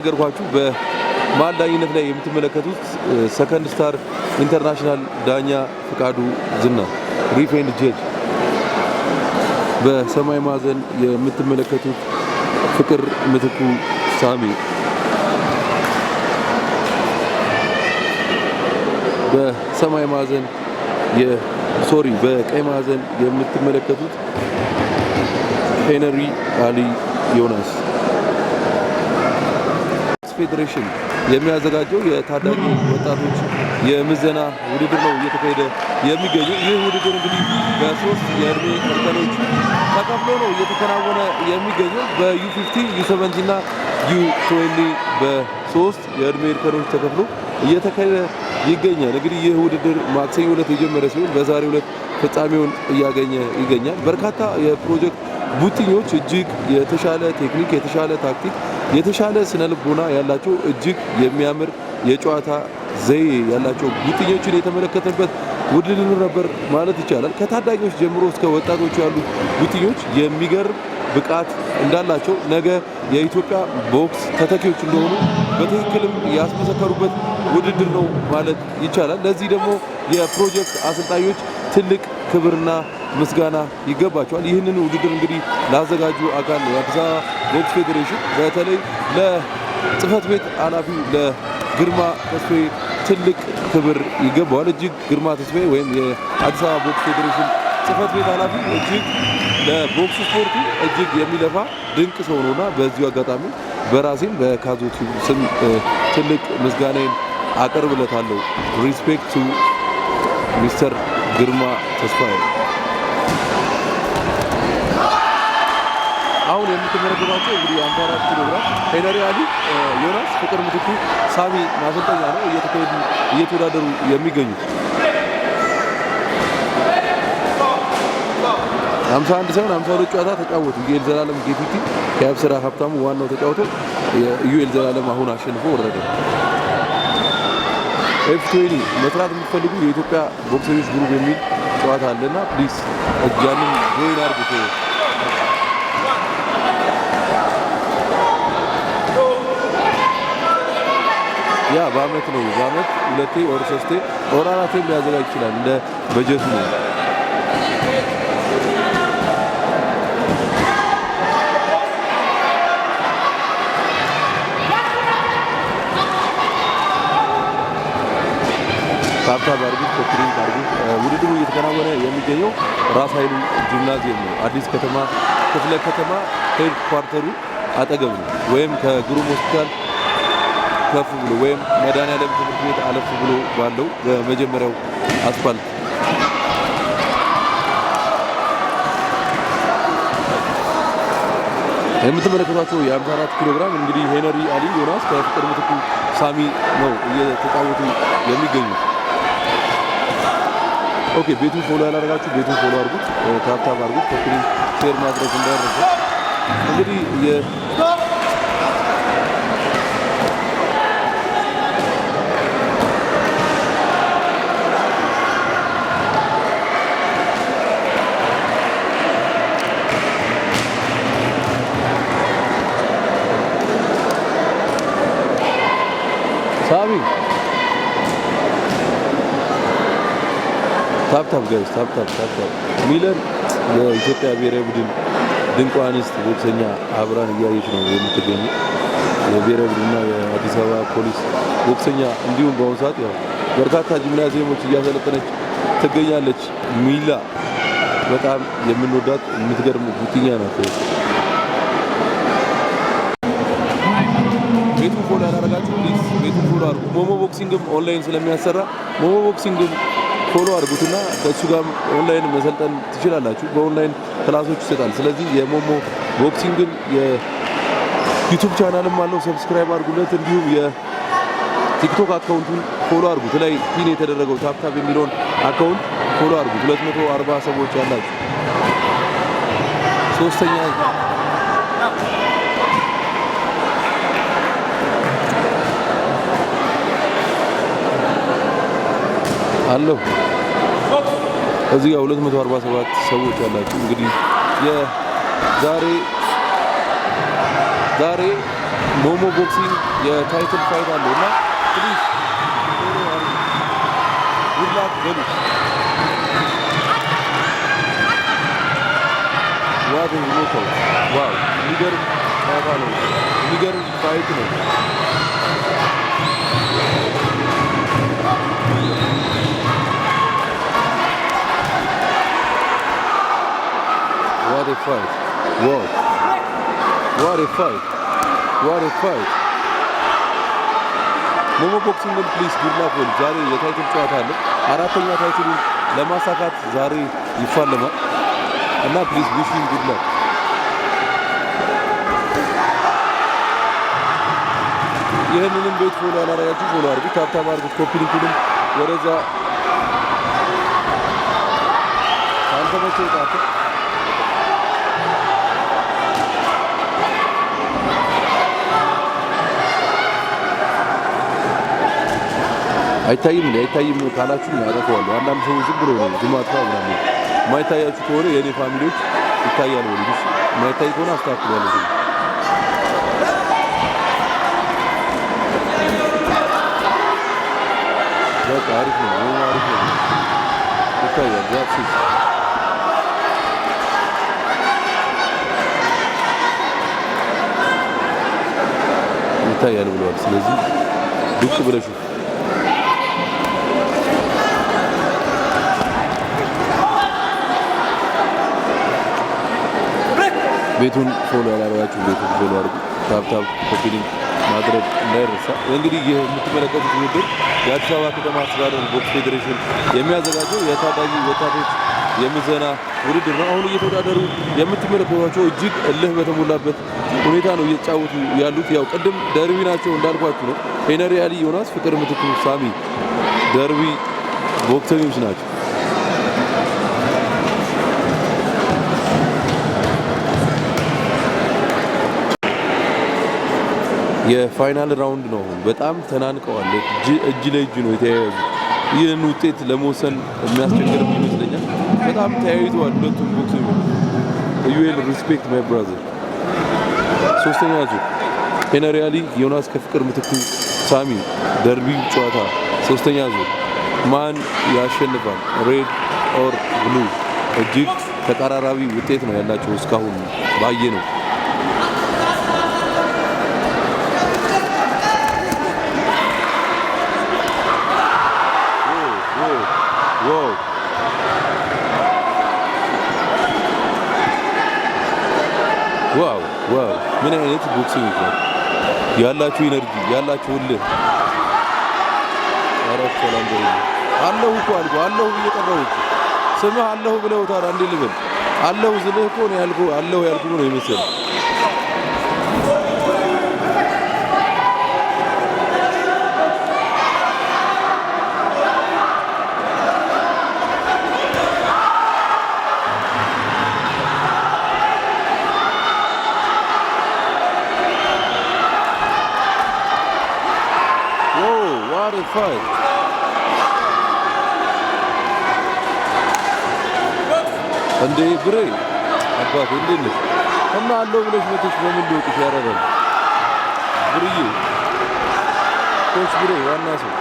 ነገርኳችሁ በመሀል ዳኝነት ላይ የምትመለከቱት ሰከንድ ስታር ኢንተርናሽናል ዳኛ ፍቃዱ ዝና ሪፌንድ ጄድ፣ በሰማይ ማዕዘን የምትመለከቱት ፍቅር ምትኩ ሳሚ፣ በሰማይ ማዕዘን ሶሪ በቀይ ማዕዘን የምትመለከቱት ሄነሪ አሊ ዮናስ ፌዴሬሽን የሚያዘጋጀው የታዳጊ ወጣቶች የምዘና ውድድር ነው እየተካሄደ የሚገኘው። ይህ ውድድር እንግዲህ በሶስት የእድሜ እርከኖች ተከፍሎ ነው እየተከናወነ የሚገኘው። በዩ50 ዩ70 እና ዩ20 በሶስት የእድሜ እርከኖች ተከፍሎ እየተካሄደ ይገኛል። እንግዲህ ይህ ውድድር ማክሰኞ ዕለት የጀመረ ሲሆን በዛሬው ዕለት ፍጻሜውን እያገኘ ይገኛል። በርካታ የፕሮጀክት ቡትኞች እጅግ የተሻለ ቴክኒክ፣ የተሻለ ታክቲክ የተሻለ ስነ ልቦና ያላቸው እጅግ የሚያምር የጨዋታ ዘዬ ያላቸው ጉጥኞችን የተመለከትንበት ውድድር ነበር ማለት ይቻላል። ከታዳጊዎች ጀምሮ እስከ ወጣቶች ያሉት ጉጥኞች የሚገርም ብቃት እንዳላቸው ነገ የኢትዮጵያ ቦክስ ተተኪዎች እንደሆኑ በትክክልም ያስመሰከሩበት ውድድር ነው ማለት ይቻላል። ለዚህ ደግሞ የፕሮጀክት አሰልጣኞች ትልቅ ክብርና ምስጋና ይገባቸዋል። ይህንን ውድድር እንግዲህ ላዘጋጁ አካል ነው የአዲስ አበባ ቦክስ ፌዴሬሽን በተለይ ለጽህፈት ቤት ኃላፊ ለግርማ ተስፋዬ ትልቅ ክብር ይገባዋል። እጅግ ግርማ ተስፋዬ ወይም የአዲስ አበባ ቦክስ ፌዴሬሽን ጽህፈት ቤት ኃላፊ እጅግ ለቦክስ ስፖርቱ እጅግ የሚለፋ ድንቅ ሰው ነውና በዚሁ አጋጣሚ በራሴም በካዞ ስም ትልቅ ምስጋናዬን አቀርብለታለሁ። ሪስፔክት ቱ ሚስተር ግርማ ተስፋዬ አሁን የምትመረገባቸው እንግዲህ የአንባራት ኪሎ ሄደሪ አሊ፣ ዮናስ ፍቅር ምትኩ፣ ሳሚ ማሰልጠኛ ነው እየተካሄዱ እየተወዳደሩ የሚገኙት 51 ሳይሆን 52 ጨዋታ ተጫወቱ። ዩኤል ዘላለም ጌቲቲ ከያብስራ ሀብታሙ ዋናው ተጫውቶ ዩኤል ዘላለም አሁን አሸንፎ ወረደ። ኤፍቶኒ መስራት የምትፈልጉ የኢትዮጵያ ቦክሰኞች ግሩፕ የሚል ጨዋታ አለና ፕሊስ እጃንም ጆይን አርጉት። ያ በአመት ነው። በአመት ሁለቴ ኦር ሶስቴ ኦር አራቴም ሊያዘጋጅ ይችላል እንደ በጀት ነው። ካርታ ባርቢት ኮትሪን ባርቢት ውድድሩ እየተከናወነ የሚገኘው ራስ ኃይሉ ጂምናዚየም ነው። አዲስ ከተማ ክፍለ ከተማ ሄድ ኳርተሩ አጠገብ ነው። ወይም ከግሩም ሆስፒታል ከፍ ብሎ ወይም መድኃኒዓለም ትምህርት ቤት አለፍ ብሎ ባለው በመጀመሪያው አስፋልት የምትመለከቷቸው የ54 ኪሎ ግራም እንግዲህ ሄነሪ አሊ ዮናስ ከፍቅር ምትኩ ሳሚ ነው እየተጫወቱ የሚገኙት። ኦኬ ቤቱን ፎሎ ያላደረጋችሁ ቤቱን ፎሎ አድርጉት፣ ታብታብ አድርጉት፣ ኮፒ ሼር ማድረግ እንዳይረሳ እንግዲህ ታፕታፕ ጋይስ ታፕታፕ ታፕታፕ ሚለን የኢትዮጵያ ብሔራዊ ቡድን ድንቋ አንስት ቦክሰኛ አብራን እያየች ነው የምትገኙ። የብሔራዊ ቡድንና የአዲስ አበባ ፖሊስ ቦክሰኛ እንዲሁም በአሁኑ ሰዓት ያው በርካታ ጂምናዚየሞች እያሰለጠነች ትገኛለች። ሚላ በጣም የምንወዳት የምትገርም ቡቲኛ ናት። ቤቱን ፎሎ ያላረጋችሁ ፕሊዝ ቤቱን ፎሎ አድርጉ። ሞሞ ቦክሲንግም ኦንላይን ስለሚያሰራ ሞሞ ቦክሲንግም ፎሎ አድርጉትና ከእሱ ጋር ኦንላይን መሰልጠን ትችላላችሁ። በኦንላይን ክላሶች ይሰጣል። ስለዚህ የሞሞ ቦክሲንግን የዩቱብ ቻናልም አለው፣ ሰብስክራይብ አድርጉለት። እንዲሁም የቲክቶክ አካውንቱን ፎሎ አድርጉት። ላይ ፒን የተደረገው ታፕታፕ የሚለውን አካውንት ፎሎ አድርጉት። 240 ሰዎች ያላችሁ ሶስተኛ አለው። እዚህ ጋር 247 ሰዎች አላችሁ። እንግዲህ የዛሬ ዛሬ ሞሞ ቦክሲንግ የታይትል ፋይት አለው እና ፕሊዝ ጉድላት ገሉ ዋት ሞተው ዋው የሚገርም ፋይት ነው። fight. Whoa. What a fight. What a fight. ሞሞ ቦክሲንግ ፕሊስ ጉድ ላክ ወል ዛሬ የታይትል ጨዋታ አለ። አራተኛ ታይትሉን ለማሳካት ዛሬ ይፋለማል እና ፕሊስ ዊሽን ጉድ ላክ ይህንንም ቤት ፎሎ አላረጋችሁ ፎሎ አድርጉት፣ ታብታብ አድርጉት፣ ኮፒ ሊንኩንም ወደዛ ካልተመቸው ጣቸው አይታይም አይታይም ካላችሁ ያረፈዋለሁ። አንዳንድ ሰዎች ችግር ሆነ ግማታ ምናምን ማይታያችሁ ከሆነ የኔ ፋሚሊዎች ይታያል። ወልዱስ ማይታይ ከሆነ አስተካክላለሁ። በቃ አሪፍ ነው፣ አሪፍ ነው ይታያል። ዛት ሲስ ይታያል ብለዋል። ስለዚህ ዱቅ ብለሽ ቤቱን ፎሎ ያላረጋችሁ ቤቱን ፎሎ አድርጉ። ታብታብ ኮፒሊንግ ማድረግ እንዳይረሳ። እንግዲህ የምትመለከቱት ውድድር የአዲስ አበባ ከተማ አስተዳደር ቦክስ ፌዴሬሽን የሚያዘጋጀው የታዳጊ ወጣቶች የምዘና ውድድር ነው። አሁን እየተወዳደሩ የምትመለከቷቸው እጅግ እልህ በተሞላበት ሁኔታ ነው እየተጫወቱ ያሉት። ያው ቅድም ደርቢ ናቸው እንዳልኳችሁ ነው። ሄነሪ አሊ ዮናስ፣ ፍቅር ምትኩ፣ ሳሚ ደርቢ ቦክሰኞች ናቸው። የፋይናል ራውንድ ነው። በጣም ተናንቀዋል። እጅ ለእጅ ነው የተያያዙ። ይህን ውጤት ለመወሰን የሚያስቸግር ይመስለኛል። በጣም ተያይተዋል ሁለቱም ቦክሰኞች። ዩኤል ሪስፔክት ማይ ብራዘር። ሶስተኛ ዙር ሄነሪ አሊ፣ ዮናስ ከፍቅር ምትኩ፣ ሳሚ ደርቢ ጨዋታ ሶስተኛ ዙር ማን ያሸንፋል? ሬድ ኦር ብሉ? እጅግ ተቀራራቢ ውጤት ነው ያላቸው እስካሁን ባየ ነው Wow. ዋው ዋው! ምን አይነት ቦክሲንግ ነው ያላችሁ ኢነርጂ ያላችሁ ሁሉ አረፍ ሰላም አለሁ እኮ አልኩ አለሁ እየጠራሁ ስምህ አለሁ ብለውታል። አንዴ ልበል አለሁ ዝልህ እኮ ነው ያልኩህ አለሁ ያልኩህ ነው የሚመስለው foi. እንዴ ብሬ አባቴ እንዴት ነሽ? እና አለው ብለሽ መተሽ በምን ልወቅሽ ያረረል ብርዬ ኮች ብሬ ዋና ሰው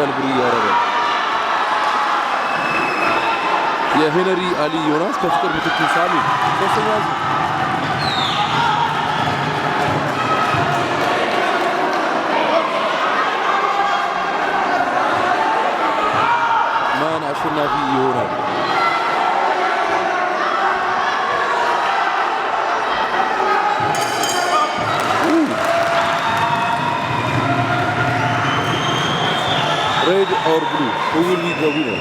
ካልብሪ እያረገ የሄነሪ አሊ ዮናስ ከፍቅር ምትክ ሳሚ ሶስተኛ ማን አሸናፊ ይሆናል? ፓወር ብሉ እውል ሊገቡ ነው።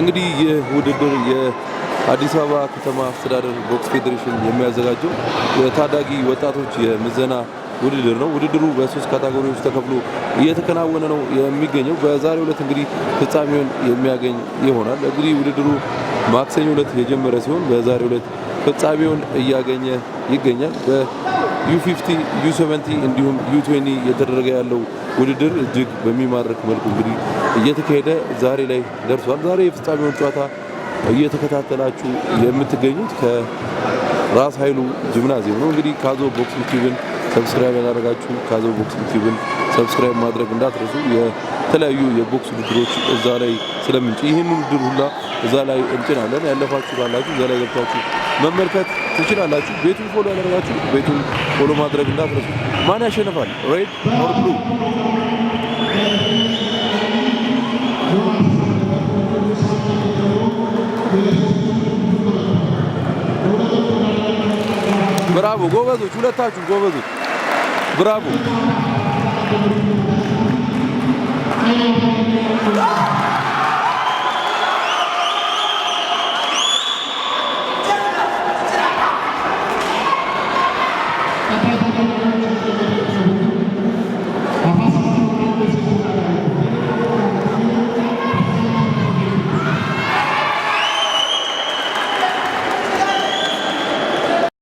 እንግዲህ ይህ ውድድር የአዲስ አበባ ከተማ አስተዳደር ቦክስ ፌዴሬሽን የሚያዘጋጀው የታዳጊ ወጣቶች የምዘና ውድድር ነው። ውድድሩ በሶስት ካታጎሪዎች ተከፍሎ እየተከናወነ ነው የሚገኘው። በዛሬው ዕለት እንግዲህ ፍጻሜውን የሚያገኝ ይሆናል። እንግዲህ ውድድሩ ማክሰኞ ዕለት የጀመረ ሲሆን በዛሬው ዕለት ፍጻሜውን እያገኘ ይገኛል። ዩ50 ዩ70 እንዲሁም ዩ20 እየተደረገ ያለው ውድድር እጅግ በሚማርክ መልኩ እንግዲህ እየተካሄደ ዛሬ ላይ ደርሷል። ዛሬ የፍጻሜውን ጨዋታ እየተከታተላችሁ የምትገኙት ከራስ ኃይሉ ጂምናዚየም ነው። እንግዲህ ካዞ ቦክስ ዩቲዩብን ሰብስክራይብ ያላደረጋችሁ ካዞ ቦክስ ዩቲዩብን ሰብስክራይብ ማድረግ እንዳትረሱ። የተለያዩ የቦክስ ውድድሮች እዛ ላይ ስለምንጭ ይህን ውድድር ሁላ እዛ ላይ እንጭናለን። ያለፋችሁ ካላችሁ እዛ ላይ ገብታችሁ መመልከት ትችላላችሁ። ቤቱን ፎሎ ያደረጋችሁ ቤቱን ፎሎ ማድረግ እንዳትረሱ። ማን ያሸንፋል? ሬድ ኦር ብሉ? ብራቮ ጎበዞች፣ ሁለታችሁ ጎበዞች፣ ብራቮ